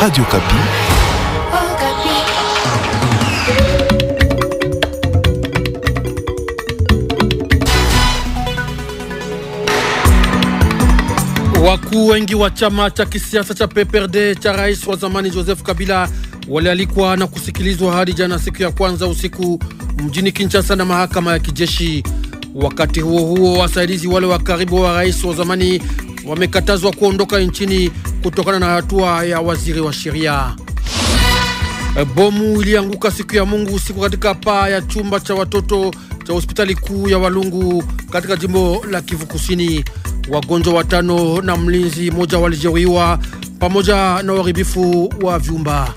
Radio Kapi. Wakuu wengi wa chama cha kisiasa cha PPRD cha rais wa zamani Joseph Kabila walialikwa na kusikilizwa hadi jana siku ya kwanza usiku mjini Kinshasa na mahakama ya kijeshi. Wakati huo huo, wasaidizi wale wa karibu wa rais wa zamani wamekatazwa kuondoka nchini kutokana na hatua ya waziri wa sheria. E, bomu ilianguka siku ya Mungu usiku katika paa ya chumba cha watoto cha hospitali kuu ya Walungu katika jimbo la Kivu Kusini. Wagonjwa watano na mlinzi mmoja walijeruhiwa pamoja na uharibifu wa vyumba.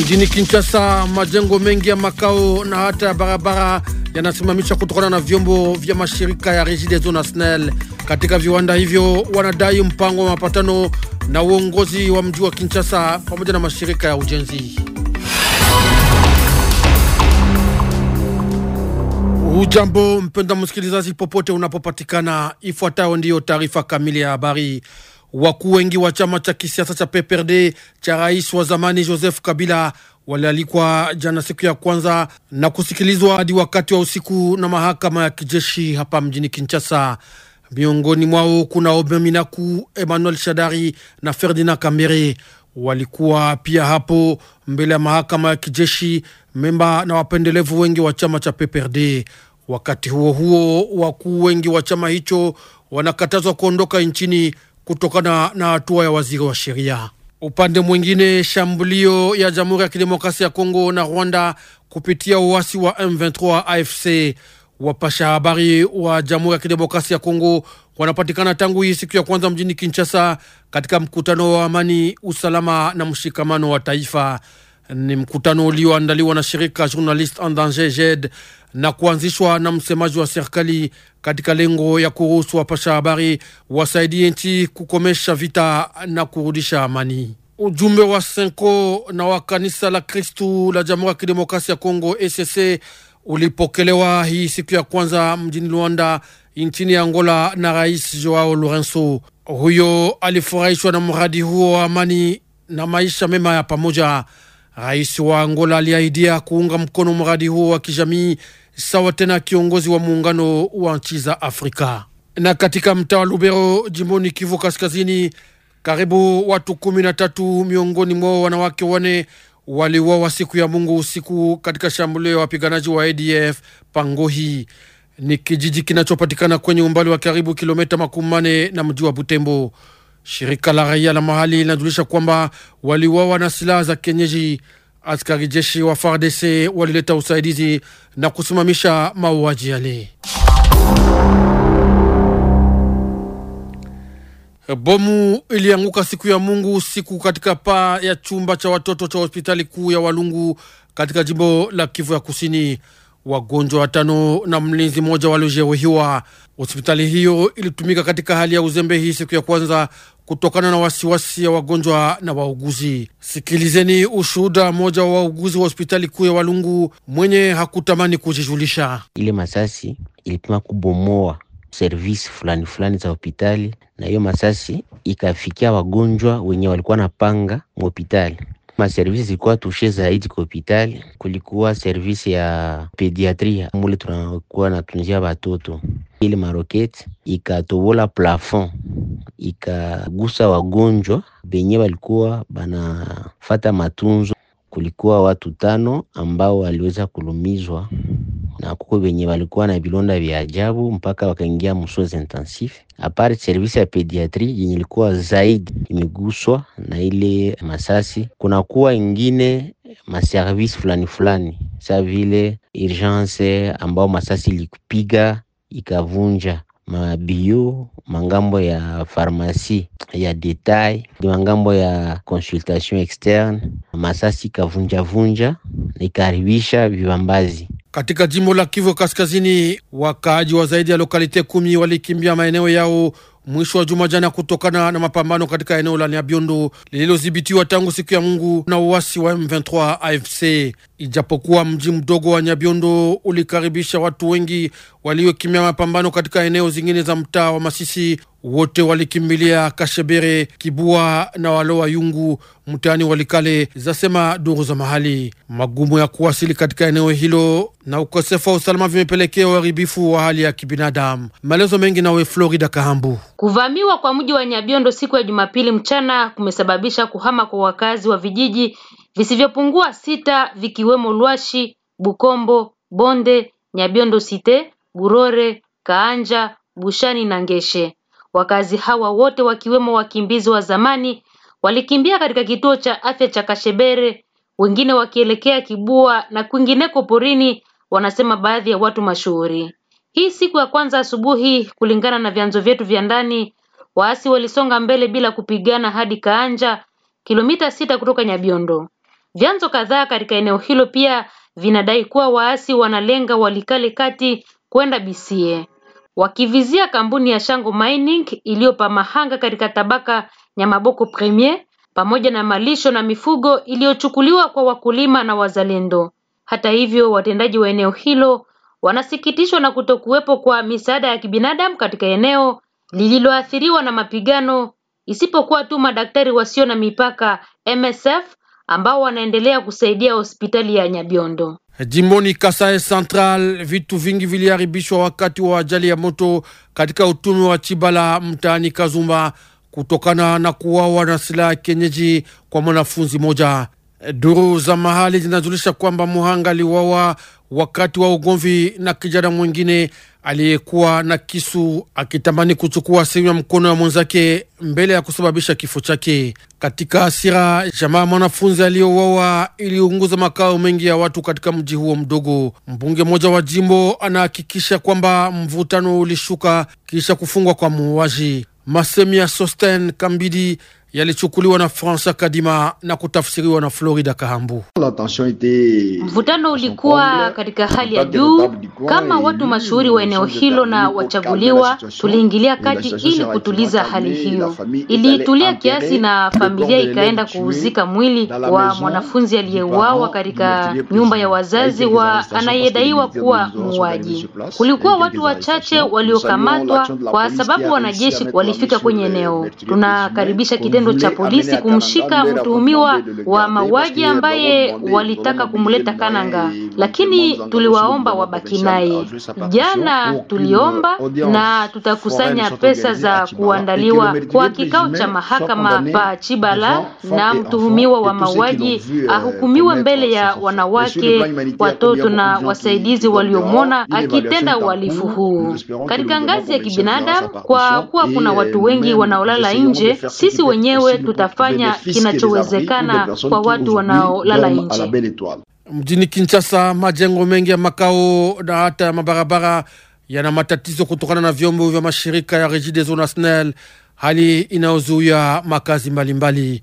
Mjini Kinshasa, majengo mengi ya makao na hata ya barabara yanasimamishwa kutokana na vyombo vya mashirika ya Regideso na SNEL katika viwanda hivyo wanadai mpango wa mapatano na uongozi wa mji wa Kinshasa pamoja na mashirika ya ujenzi. ujambo mpenda msikilizaji, popote unapopatikana, ifuatayo ndiyo taarifa kamili ya habari. Wakuu wengi wa chama cha kisiasa cha PPRD cha rais wa zamani Joseph Kabila walialikwa jana siku ya kwanza na kusikilizwa hadi wakati wa usiku na mahakama ya kijeshi hapa mjini Kinshasa. Miongoni mwao kuna Obeminaku, Emmanuel Shadari na Ferdinand Kambere. Walikuwa pia hapo mbele ya mahakama ya kijeshi memba na wapendelevu wengi wa chama cha PPRD. Wakati huo huo, wakuu wengi wa chama hicho wanakatazwa kuondoka nchini kutokana na hatua ya waziri wa sheria. Upande mwingine, shambulio ya Jamhuri ya Kidemokrasia ya Kongo na Rwanda kupitia uasi wa M23 AFC Wapasha habari wa Jamhuri ya Kidemokrasia ya Kongo wanapatikana tangu hii siku ya kwanza mjini Kinshasa katika mkutano wa amani, usalama na mshikamano wa taifa. Ni mkutano ulioandaliwa na shirika Journalist en Danger JED na kuanzishwa na msemaji wa serikali katika lengo ya kuruhusu wapasha habari wasaidie nchi kukomesha vita na kurudisha amani. Ujumbe wa Senko na wa kanisa la Kristu la Jamhuri ya Kidemokrasia ya Kongo ECC ulipokelewa hii siku ya kwanza mjini Luanda nchini Angola na Rais Joao Lourenco. Huyo alifurahishwa na mradi huo wa amani na maisha mema ya pamoja. Rais wa Angola aliahidia kuunga mkono mradi huo wa kijamii sawa tena kiongozi wa muungano wa nchi za Afrika. Na katika mtaa wa Lubero jimboni Kivu Kaskazini, karibu watu kumi na tatu miongoni mwao wanawake wane waliuawa siku ya Mungu usiku katika shambulio ya wapiganaji wa ADF Pangohi. Ni kijiji kinachopatikana kwenye umbali wa karibu kilomita makumi mane na mji wa Butembo. Shirika la raia la mahali linajulisha kwamba waliuawa na silaha za kienyeji. Askari jeshi wa FARDC walileta usaidizi na kusimamisha mauaji yale. Bomu ilianguka siku ya Mungu usiku katika paa ya chumba cha watoto cha hospitali kuu ya Walungu katika jimbo la Kivu ya Kusini. Wagonjwa watano na mlinzi mmoja waliojeruhiwa. Hospitali hiyo ilitumika katika hali ya uzembe hii siku ya kwanza kutokana na wasiwasi ya wagonjwa na wauguzi. Sikilizeni ushuhuda mmoja wa wauguzi wa hospitali kuu ya Walungu mwenye hakutamani kujijulisha. Ile masasi ilipima kubomoa service fulani fulani za hopitali, na hiyo masasi ikafikia wagonjwa wenye walikuwa napanga mhopitali. Maservisi zilikuwa tushe zaidi kwa hopitali, kulikuwa servisi ya pediatria mule tunakuwa natunzia watoto. Ile maroketi ikatobola plafond ikagusa wagonjwa benye walikuwa banafata matunzo kulikuwa watu tano ambao waliweza kulumizwa na kuko venye walikuwa na vilonda vya ajabu mpaka wakaingia msozi intensif. Apart service ya pediatri yenye ilikuwa zaidi imeguswa na ile masasi, kunakuwa ingine maservice fulani fulani, sa vile urgence ambao masasi ilikupiga ikavunja mabio, mangambo ya farmasi ya detail, mangambo ya consultation externe. Masasi ikavunjavunja na ikaribisha vivambazi katika jimbo la Kivu Kaskazini. Wakaaji wa zaidi ya lokalite kumi walikimbia maeneo yao mwisho wa juma jana, kutokana na mapambano katika eneo la Nyabiondo lililodhibitiwa tangu siku ya Mungu na uasi wa M23 AFC. Ijapokuwa mji mdogo wa Nyabiondo ulikaribisha watu wengi waliokimia mapambano katika eneo zingine za mtaa wa Masisi wote walikimbilia Kashebere, Kibua na wa Yungu mtaani Walikale, zasema duru za mahali. Magumu ya kuwasili katika eneo hilo na ukosefu wa usalama vimepelekea uharibifu wa hali ya kibinadamu. Maelezo mengi nawe Florida Kahambu. Kuvamiwa kwa mji wa Nyabiondo siku ya Jumapili mchana kumesababisha kuhama kwa wakazi wa vijiji visivyopungua sita vikiwemo Lwashi, Bukombo, Bonde, Nyabiondo Site, Burore, Kaanja, Bushani na Ngeshe. Wakazi hawa wote wakiwemo wakimbizi wa zamani walikimbia katika kituo cha afya cha Kashebere, wengine wakielekea Kibua na kwingineko porini, wanasema baadhi ya watu mashuhuri. Hii siku ya kwanza asubuhi, kulingana na vyanzo vyetu vya ndani, waasi walisonga mbele bila kupigana hadi Kaanja, kilomita sita kutoka Nyabiondo. Vyanzo kadhaa katika eneo hilo pia vinadai kuwa waasi wanalenga Walikale kati kwenda Bisie wakivizia kampuni ya shango Mining iliyopamahanga katika tabaka ya Maboko Premier pamoja na malisho na mifugo iliyochukuliwa kwa wakulima na wazalendo. Hata hivyo, watendaji wa eneo hilo wanasikitishwa na kutokuwepo kwa misaada ya kibinadamu katika eneo lililoathiriwa na mapigano isipokuwa tu madaktari wasio na mipaka MSF ambao wanaendelea kusaidia hospitali ya Nyabiondo. Jimboni Kasai Central, vitu vingi viliharibishwa wakati wa ajali ya moto katika utumi wa Chibala mtaani Kazumba kutokana na kuwawa na silaha ya kienyeji kwa mwanafunzi moja. Eh, duru za mahali zinajulisha kwamba muhanga aliwawa wakati wa ugomvi na kijana mwingine aliyekuwa na kisu akitamani kuchukua sehemu ya mkono ya mwenzake mbele ya kusababisha kifo chake. Katika hasira, jamaa mwanafunzi aliyouawa iliunguza makao mengi ya watu katika mji huo mdogo. Mbunge mmoja wa jimbo anahakikisha kwamba mvutano ulishuka kisha kufungwa kwa muuaji. Masemi ya Sosten Kambidi yalichukuliwa na Fransa Kadima na kutafsiriwa na Florida Kahambu. Mvutano ulikuwa katika hali ya juu. Kama watu mashuhuri wa eneo hilo na wachaguliwa, tuliingilia kati ili kutuliza hali hiyo. Iliitulia kiasi na familia ikaenda kuhuzika mwili wa mwanafunzi aliyeuawa katika nyumba ya wazazi wa anayedaiwa kuwa muuaji. Kulikuwa watu wachache waliokamatwa kwa sababu wanajeshi walifika kwenye eneo. Tunakaribisha kitendo kitendo cha polisi kumshika mtuhumiwa wa mauaji ambaye walitaka kumleta Kananga lakini tuliwaomba wabaki naye. Jana tuliomba na tutakusanya pesa za kuandaliwa kwa kikao cha mahakama pa Chibala na mtuhumiwa wa mauaji euh, ahukumiwe mbele ya wanawake, watoto na wasaidizi waliomwona akitenda uhalifu huu katika ngazi ya kibinadamu. Kwa kuwa kuna watu wengi euh, wanaolala nje, sisi wenyewe tutafanya kinachowezekana kwa watu wanaolala nje. Mjini Kinshasa, majengo mengi ya makao na hata ya mabarabara yana matatizo kutokana na vyombo vya mashirika ya Regideso na SNEL, hali inayozuia makazi mbalimbali mbali.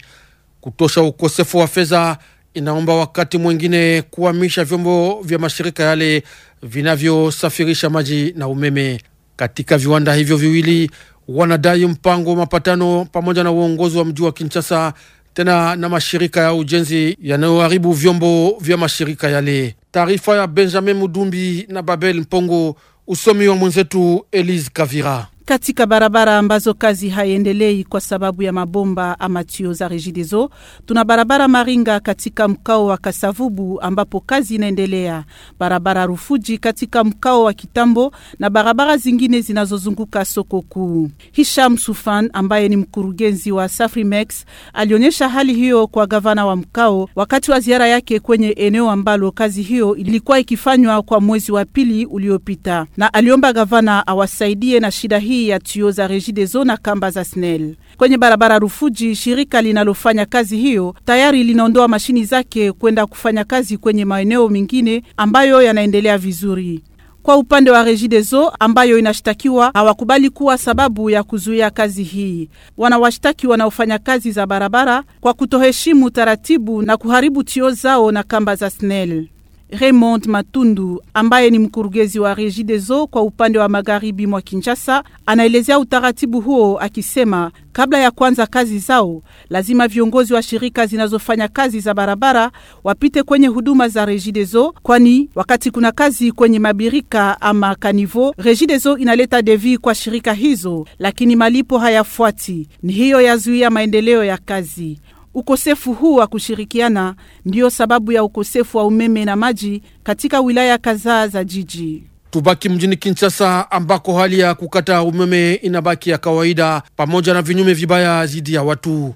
Kutosha ukosefu wa fedha inaomba wakati mwingine kuhamisha vyombo vya mashirika yale vinavyosafirisha maji na umeme katika viwanda hivyo viwili. Wanadai mpango wa mapatano pamoja na uongozi wa mji wa Kinshasa tena na mashirika ya ujenzi yanayoharibu vyombo vya mashirika yale. Taarifa ya Benjamin Mudumbi na Babel Mpongo, usomi wa mwenzetu Elise Kavira. Katika barabara ambazo kazi haiendelei kwa sababu ya mabomba ama tio za Regideso, tuna barabara Maringa katika mkao wa Kasavubu ambapo kazi inaendelea, barabara Rufuji katika mkao wa Kitambo na barabara zingine zinazozunguka soko kuu. Hisham Sufan ambaye ni mkurugenzi wa Safrimex alionyesha hali hiyo kwa gavana wa mkao wakati wa ziara yake kwenye eneo ambalo kazi hiyo ilikuwa ikifanywa kwa mwezi wa pili uliopita, na aliomba gavana awasaidie na shida hii hii ya tuyo za Regideso na kamba za SNEL kwenye barabara Rufuji. Shirika linalofanya kazi hiyo tayari linaondoa mashini zake kwenda kufanya kazi kwenye maeneo mengine ambayo yanaendelea vizuri. Kwa upande wa Regideso ambayo inashtakiwa hawakubali kuwa sababu ya kuzuia kazi hii. Wanawashtaki wanaofanya kazi za barabara kwa kutoheshimu taratibu na kuharibu tio zao na kamba za SNEL. Raymond Matundu ambaye ni mkurugenzi wa Regideso kwa upande wa magharibi mwa Kinshasa anaelezea utaratibu huo akisema, kabla ya kuanza kazi zao lazima viongozi wa shirika zinazofanya kazi za barabara wapite kwenye huduma za Regideso, kwani wakati kuna kazi kwenye mabirika ama kanivo, Regideso inaleta devi kwa shirika hizo, lakini malipo hayafuati. Ni hiyo yazuia maendeleo ya kazi. Ukosefu huu wa kushirikiana ndiyo sababu ya ukosefu wa umeme na maji katika wilaya kadhaa za jiji. Tubaki mjini Kinshasa ambako hali ya kukata umeme inabaki ya kawaida pamoja na vinyume vibaya dhidi ya watu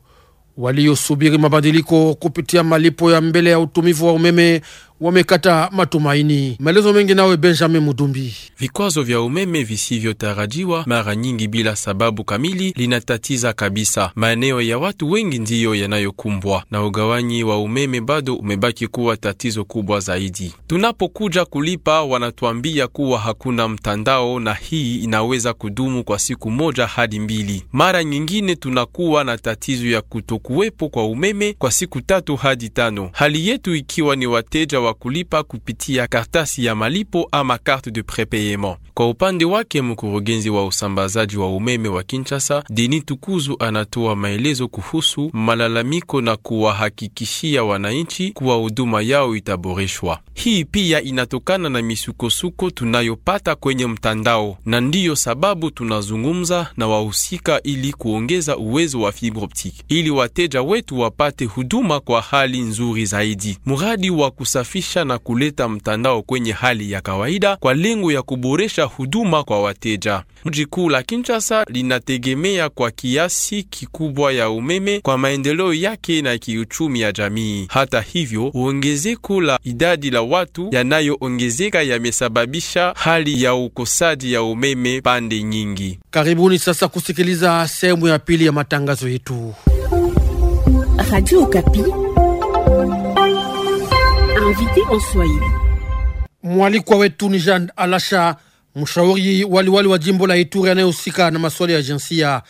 waliosubiri mabadiliko kupitia malipo ya mbele ya utumivu wa umeme wamekata matumaini. Maelezo mengi nawe Benjamin Mudumbi. Vikwazo vya umeme visivyotarajiwa mara nyingi bila sababu kamili linatatiza kabisa maeneo ya watu wengi, ndiyo yanayokumbwa na ugawanyi wa umeme, bado umebaki kuwa tatizo kubwa zaidi. Tunapokuja kulipa, wanatuambia kuwa hakuna mtandao, na hii inaweza kudumu kwa siku moja hadi mbili. Mara nyingine tunakuwa na tatizo ya kutokuwepo kwa umeme kwa siku tatu hadi tano, hali yetu ikiwa ni wateja wa wa kulipa kupitia kartasi ya malipo ama karte de prepayement. Kwa upande wake, mkurugenzi wa usambazaji wa umeme wa Kinshasa, Deni Tukuzu, anatoa maelezo kuhusu malalamiko na kuwahakikishia wananchi kuwa huduma yao itaboreshwa. Hii pia inatokana na misukosuko tunayopata kwenye mtandao, na ndiyo sababu tunazungumza na wahusika ili kuongeza uwezo wa fibre optique ili wateja wetu wapate huduma kwa hali nzuri zaidi. Mradi wa kusafiri kusafisha na kuleta mtandao kwenye hali ya kawaida kwa lengo ya kuboresha huduma kwa wateja. Mji kuu la Kinshasa linategemea kwa kiasi kikubwa ya umeme kwa maendeleo yake na kiuchumi ya jamii. Hata hivyo, ongezeko la idadi la watu yanayoongezeka yamesababisha hali ya ukosaji ya umeme pande nyingi. Karibuni sasa kusikiliza sehemu ya pili ya matangazo yetu. Radio Kapi invité en Swahili. Mwalikwa wetu ni Jean Alasha, mshauri waliwali wa jimbo la Ituri anayehusika na masuala ya jinsia.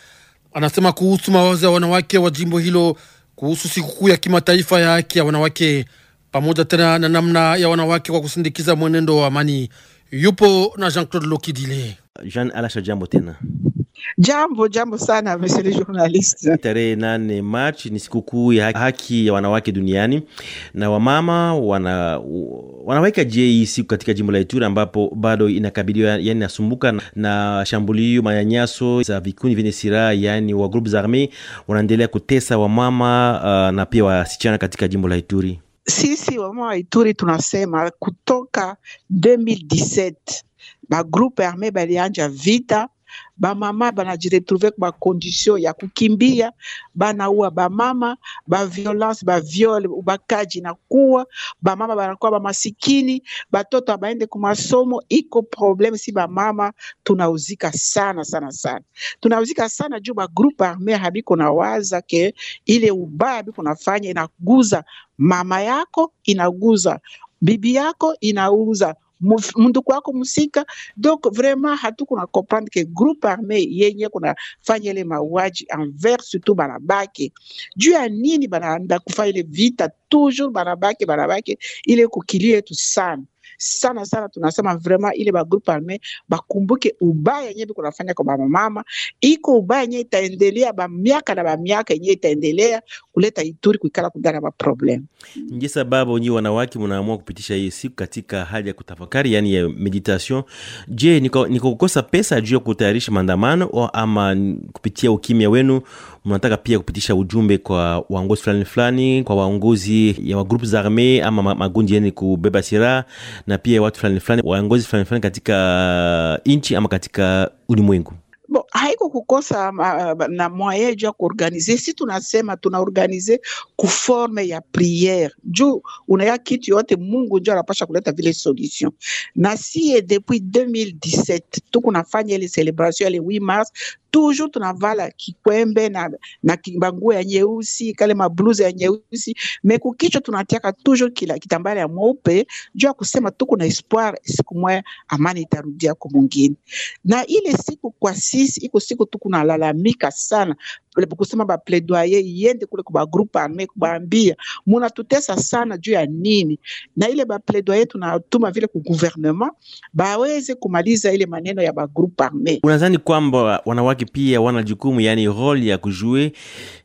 Anasema kuhusu mawazo ya wanawake wa jimbo hilo kuhusu sikukuu ya kimataifa ya haki ya wanawake pamoja tena na namna ya wanawake kwa kusindikiza mwenendo wa amani. Yupo na Jean Claude Lokidile. Jean Alasha, jambo tena. Jambo jambo sana monsieur journaliste. Tarehe nane Machi ni sikukuu ya haki ya wanawake duniani, na wamama wana wanaweka je hii e siku katika jimbo la Ituri ambapo bado inakabiliwa yani nasumbuka na, shambulio manyanyaso za vikundi vyenye silaha yani wa groupe arme wanaendelea kutesa wamama uh, na pia wasichana katika jimbo la Ituri. Sisi wamama wa Ituri tunasema kutoka 2017 groupe arme balianja vita bamama banajiretruve kwa bakondition ya kukimbia, banaua bamama, baviolence, baviole, ubakaji nakuwa bamama banakuwa bamasikini, batoto abaende kumasomo. Iko probleme si bamama, tunauzika sana sana sana, tunauzika sana juu bagroupe arme habiko na waza ke ile ubaya biko nafanya inaguza mama yako, inaguza bibi yako, inauza mundu Donc vraiment hatukuna comprendre que groupe armé qu'on a fait ile mauaji envers surtout banabake juu ya nini, nda kufanya ile vita toujours banabake banabake, ile kukilia tout sana sana sana tunasema vrema ile ba groupe arme bakumbuke ubaya yenye biko nafanya kwa bamamama iko ubaya yenye itaendelea bamiaka na bamiaka yenye itaendelea kuleta Ituri kuikala kudana ba problem. Nje sababu nyi wanawake mnaamua kupitisha hii siku katika hali ya kutafakari, yani ya meditation. Je, niko kukosa pesa juu ya kutayarisha maandamano ama kupitia ukimya wenu mnataka pia kupitisha ujumbe kwa waongozi fulani fulani, kwa waongozi ya magrupu za arme ama magundi yani kubeba siraha na pia watu fulani fulani, waongozi fulani fulani katika uh, nchi ama katika ulimwengu. Bon, haiko kukosa na mwayeju ya kuorganize. Si tunasema tunaorganize kuforme ya priere juu unaya kitu yote, Mungu njo anapasha kuleta vile solution, na siye depuis 2017 tukunafanya ile celebration ya le 8 mars toujours tunavala kikwembe na, na banguo ya nyeusi kale mabluze ya nyeusi me kukicho tunatiaka toujours kila kitambala ya mweupe juu ya kusema tuko na espoir siku moya amani itarudia kwa mwingine, na ile siku kwa si polisi iko siku tu kunalalamika sana kusema bapledoye iende kule kuba groupe arme kubaambia munatutesa sana juu ya nini, na ile bapledoye tunatuma vile ku gouvernement baweze kumaliza ile maneno ya bagroupe arme. Unadhani kwamba wanawake pia wana jukumu, yani role ya kujue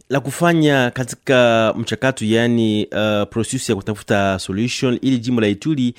la kufanya katika mchakato, yani uh, process ya kutafuta solution ili jimbo la ituli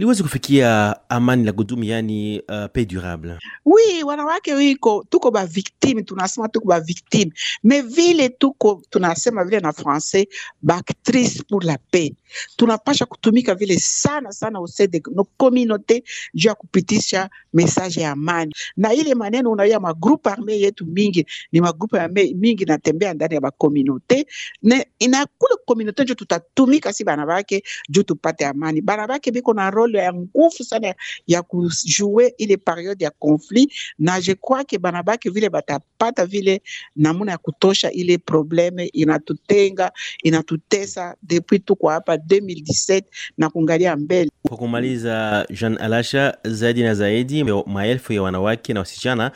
liwezi kufikia amani la kudumu, yani uh, paix durable. Oui, wanawake wiko tuko ba victime, tunasema tuko ba victime me vile tuko tunasema vile na français bactrice pour la paix, tunapasha kutumika vile sana sana usede no communauté juu ya kupitisha message ya amani, na ile maneno unaoya magrupu arme yetu mingi ni magrupu arme mingi natembea ndani ya bakomunaute na kule komunaute njo tutatumika si banawake juu tupate amani. Banawake biko na role ya nguvu sana ya kujue ile periode ya konflit, na je crois ke vile batapata vile namuna ya kutosha. Ile probleme inatutenga inatutesa depuis tuko hapa 2017 na kungalia mbele. Kwa kumaliza, euh, Jean Alasha, zaidi na zaidi maelfu ya wanawake na wasichana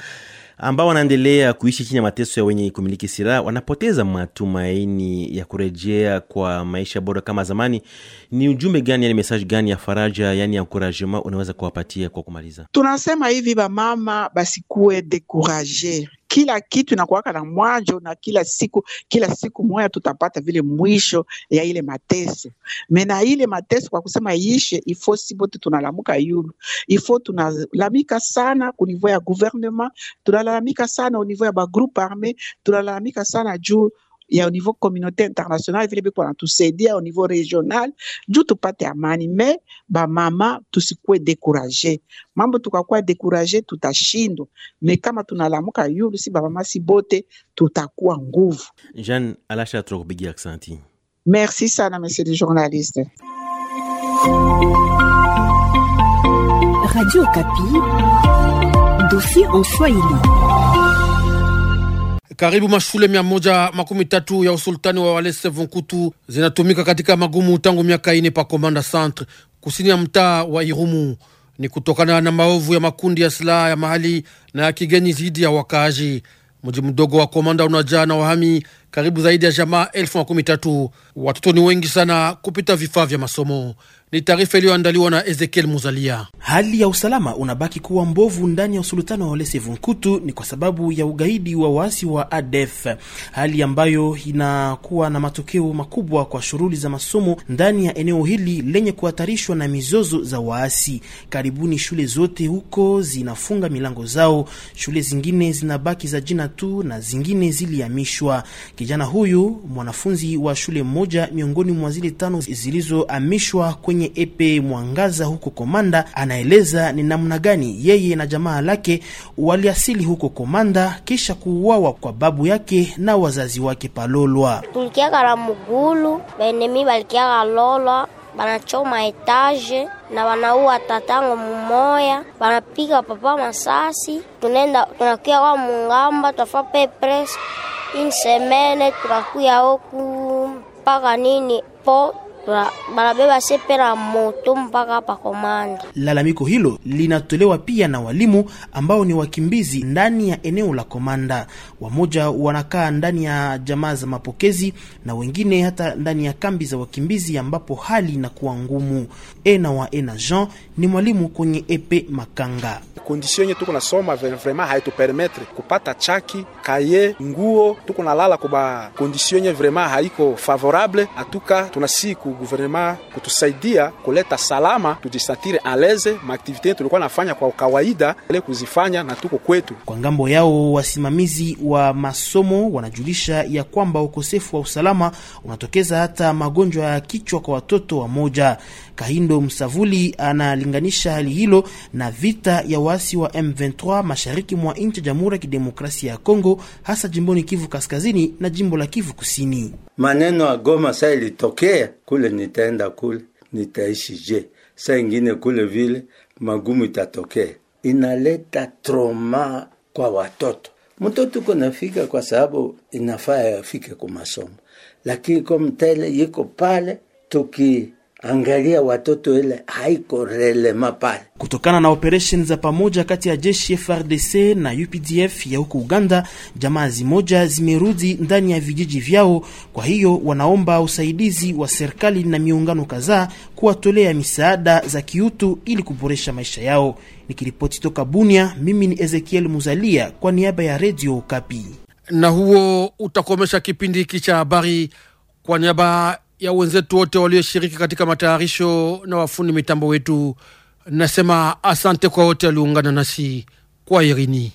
ambao wanaendelea kuishi chini ya mateso ya wenye kumiliki silaha wanapoteza matumaini ya kurejea kwa maisha bora kama zamani. Ni ujumbe gani, yani mesaji gani ya faraja, yani ya encouragement unaweza kuwapatia kwa kumaliza? Tunasema hivi, bamama basikuwe decourage kila kitu inakuwaka na mwanjo na kila siku kila siku moya tutapata vile mwisho ya ile mateso me na ile mateso kwa kusema ishe ifo si bote tunalamuka yulu ifo tunalamika sana ku niveau ya gouvernement tunalalamika sana au niveau ya ba groupe arme tunalalamika sana juu Il y a au niveau communauté internationale vile viko tusaidia au niveau régional, regional juu tupate amani. Me ba mama tusikuwe dekuraje, mambo tukakuwa dekuraje tutashindwa. Me kama tunalamuka yulu si ba mama si bote tutakuwa nguvu. Jeanne Alasha, tunakupigia aksanti. Merci sana monsieur le journaliste. Radio Kapi, dossier en Swahili. Karibu mashule mia moja makumi tatu ya usultani wa Walese Vonkutu zinatumika katika magumu tangu miaka ine pa Komanda Centre kusini ya mtaa wa Irumu. Ni kutokana na maovu ya makundi ya silaha ya mahali na ya kigeni dhidi ya wakaaji. Mji mdogo wa Komanda unajaa na wahami karibu zaidi ya jamaa elfu makumi tatu. Watoto ni wengi sana kupita vifaa vya masomo. Ni taarifa iliyoandaliwa na Ezekiel Muzalia. Hali ya usalama unabaki kuwa mbovu ndani ya usultani wa Walese Vunkutu ni kwa sababu ya ugaidi wa waasi wa ADF, hali ambayo inakuwa na matokeo makubwa kwa shughuli za masomo ndani ya eneo hili lenye kuhatarishwa na mizozo za waasi. Karibuni shule zote huko zinafunga milango zao, shule zingine zinabaki za jina tu na zingine zilihamishwa. Kijana huyu mwanafunzi wa shule moja miongoni mwa zile tano zilizohamishwa kwenye kwenye EP Mwangaza huko Komanda, anaeleza ni namna gani yeye na jamaa lake waliasili huko Komanda kisha kuuawa kwa babu yake na wazazi wake Palolwa. Tulikiaka mugulu benemi balikiaka lolwa banachoma etaje na wanaua tatango mumoya, banapika papa masasi. Tunenda tunakuya kwa mungamba, twafa pe press insemene, tunakuya oku mpaka nini po banabeba sepe na moto mpaka pa komanda. Lalamiko hilo linatolewa pia na walimu ambao ni wakimbizi ndani ya eneo la komanda. Wamoja wanakaa ndani ya jamaa za mapokezi na wengine hata ndani ya kambi za wakimbizi ambapo hali inakuwa ngumu. Ena wa Ena Jean ni mwalimu kwenye epe Makanga. Kondisio nye tuko nasoma vraiment haitupermetre kupata chaki kaye nguo, tuko nalala kuba kondisio nye vraiment haiko favorable, atuka tunasiku guvernema kutusaidia kuleta salama, tujisatire aleze maaktivite tulikuwa nafanya kwa kawaida ile kuzifanya na tuko kwetu. Kwa ngambo yao, wasimamizi wa masomo wanajulisha ya kwamba ukosefu wa usalama unatokeza hata magonjwa ya kichwa kwa watoto wa moja Kahindo Msavuli analinganisha hali hilo na vita ya waasi wa M23 mashariki mwa nchi ya Jamhuri ya Kidemokrasia ya Kongo, hasa jimboni Kivu Kaskazini na jimbo la Kivu Kusini. Maneno ya Goma saa ilitokea kule, nitaenda kule, nitaishi je? Saa ingine kule vile magumu itatokea, inaleta troma kwa watoto. Mtoto nafika kwa sababu inafaa afike kwa masomo, lakini komtele yiko pale tuki angalia watoto ile haiko relema pale. Kutokana na operation za pamoja kati ya jeshi FRDC na UPDF ya huko Uganda, jamaa zimoja zimerudi ndani ya vijiji vyao. Kwa hiyo wanaomba usaidizi wa serikali na miungano kadhaa kuwatolea misaada za kiutu ili kuboresha maisha yao. Nikiripoti toka Bunia, mimi ni Ezekiel Muzalia kwa niaba ya Radio Kapi, na huo utakomesha kipindi hiki cha habari kwa niaba ya wenzetu wote walioshiriki katika matayarisho na wafundi mitambo wetu. Nasema asante kwa wote walioungana nasi kwa Irini.